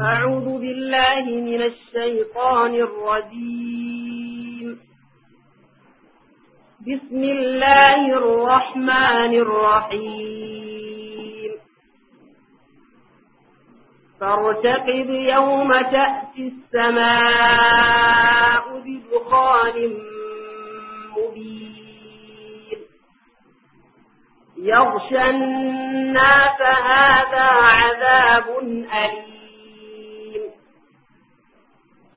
أعوذ بالله من الشيطان الرجيم بسم الله الرحمن الرحيم فارتقب يوم تأتي السماء بدخان مبين يغشى الناس هذا عذاب أليم